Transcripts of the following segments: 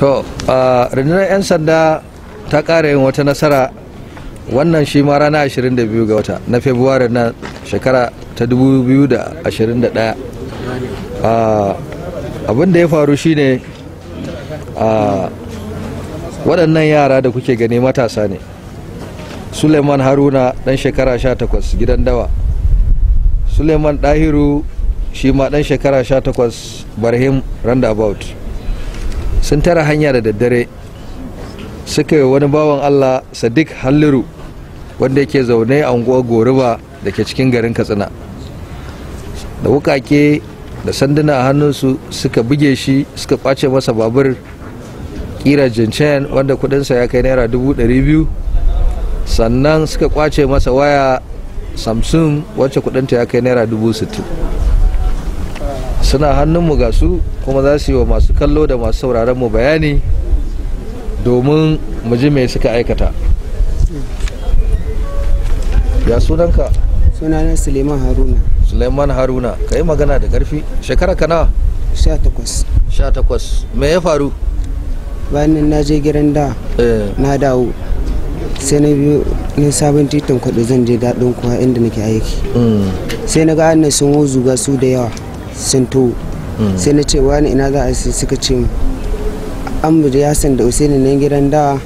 to rundunar 'yan sanda ta ƙara yin wata nasara wannan shi ma rana 22 ga wata na februari na shekara ta 2021 abin da ya faru shine waɗannan yara da kuke gani matasa ne suleiman haruna ɗan shekara 18 gidan dawa suleiman ɗahiru shi ma ɗan shekara 18 barhim roundabout sun tara hanya da daddare suka yi wani bawan allah sadiq halliru wanda yake zaune a unguwar goruba da ke cikin garin katsina da wukake da sanduna a hannunsu suka buge shi suka kwace masa babur kira jinchen wanda kudinsa ya kai naira dubu sannan suka kwace masa waya samsung wacce kudinta ya kai naira suna hannunmu ga su kuma za su yi wa masu kallo da masu sauraron mu bayani domin mu ji mai suka aikata ya sunanka sunana suleiman haruna suleiman haruna ka yi magana da karfi shekara kana 18 18 me ya faru bayan na je gidan da eh. na dawo sai na biyu ni sabon titin kwado zan je daɗin kuwa inda nake aiki mm. sai na ga an sun wuzu ga su da yawa sun mm. sai na ce wani ina za a sai suka ce an ya san da usaini na gidan dawa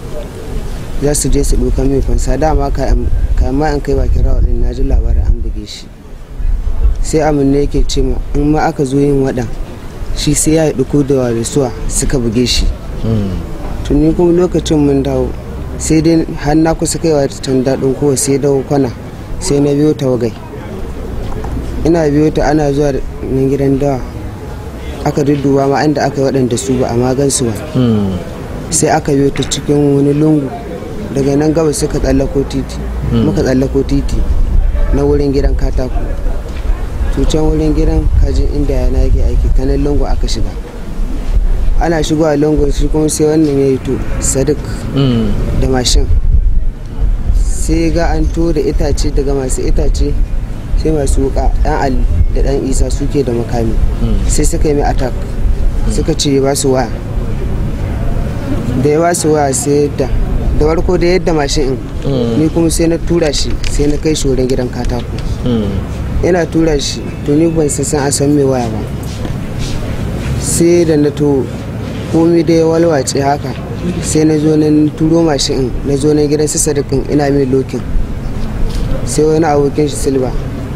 za su je su dokan mai fansa dama ma an kai bakin rawa na ji labarin an buge shi sai amin ne yake ce ma in ma aka zo yin wada shi sai ya yi ɗuko da warisuwa suka buge shi mm. tuni kuma lokacin mun dawo sai dai har na kusa kaiwa can daɗin kowa sai dawo kwana sai na biyo tawagai ina biyo ta ana zuwa nan gidan dawa aka dudduba ma inda aka yi waɗanda su ba a magansu ba hmm. sai aka biyo ta cikin wani lungu daga nan gaba suka tsallako titi hmm. muka tsallako titi na wurin gidan katako tucen wurin gidan kajin inda yana yake aiki ta nan lungu aka shiga ana shigo a lungu shi kuma sai wannan ya yi to sadik hmm. da mashin sai ga an tura itace daga masu itace sai masu wuka dan ali da dan isa suke da makami hmm. sai suka yi mai attack hmm. suka ce ba su waya da ya ba su waya sai da da warko da yadda mashin in hmm. ni kuma sai na tura shi sai na kai shi wurin gidan katako yana tura shi to ni ban san a san mai waya ba sai da na to komai da ya walwace haka sai na zo na turo mashin in na zo na gidan su sadikin ina mai lokin sai wani abokin shi silba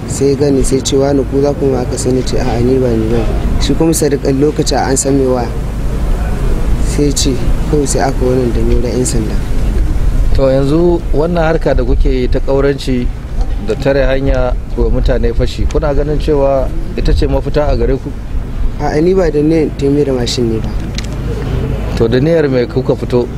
sai gani sai ce wani ku za ku ma ka sani ce a ni ba ni ba shi kuma sadikan lokaci an san me wa sai ce kawai sai aka wannan da nura yan sanda to yanzu wannan harka da kuke ta kauranci da tare hanya wa mutane fashi kuna ganin cewa ita ce mafita a gare ku a ni ba da ne taimi da mashin ne ba to da niyar mai kuka fito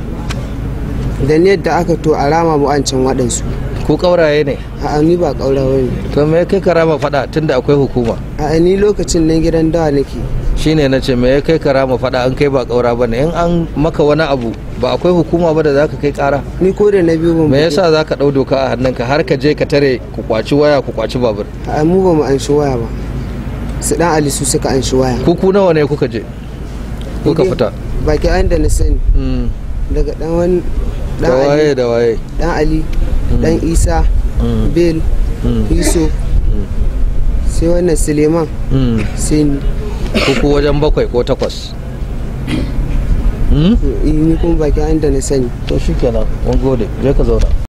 da niyar da aka to a rama mu an can waɗansu ku kauraye ne a ni ba kauraye ne to me kai karama fada tunda akwai hukuma a ni lokacin nan gidan dawa nake shine na ce me kai karama fada an kai ba kaura bane in an maka wani abu ba akwai hukuma ba da zaka kai kara ni ko da na biyu me yasa zaka dau doka a hannunka har ka je ka tare ku kwaci waya ku kwaci babur a mu ba mu an shi waya ba su dan ali su suka an shi waya ku ku nawa ne kuka je kuka fita baki an da na sani hmm. daga dan wani da waye da waye dan ali dan mm. isa mm. bel mm. Iso sai wannan suleiman sai kuku wajen bakwai ko takwas ni kuma baki da na sani to shi kenan gode je ka zauna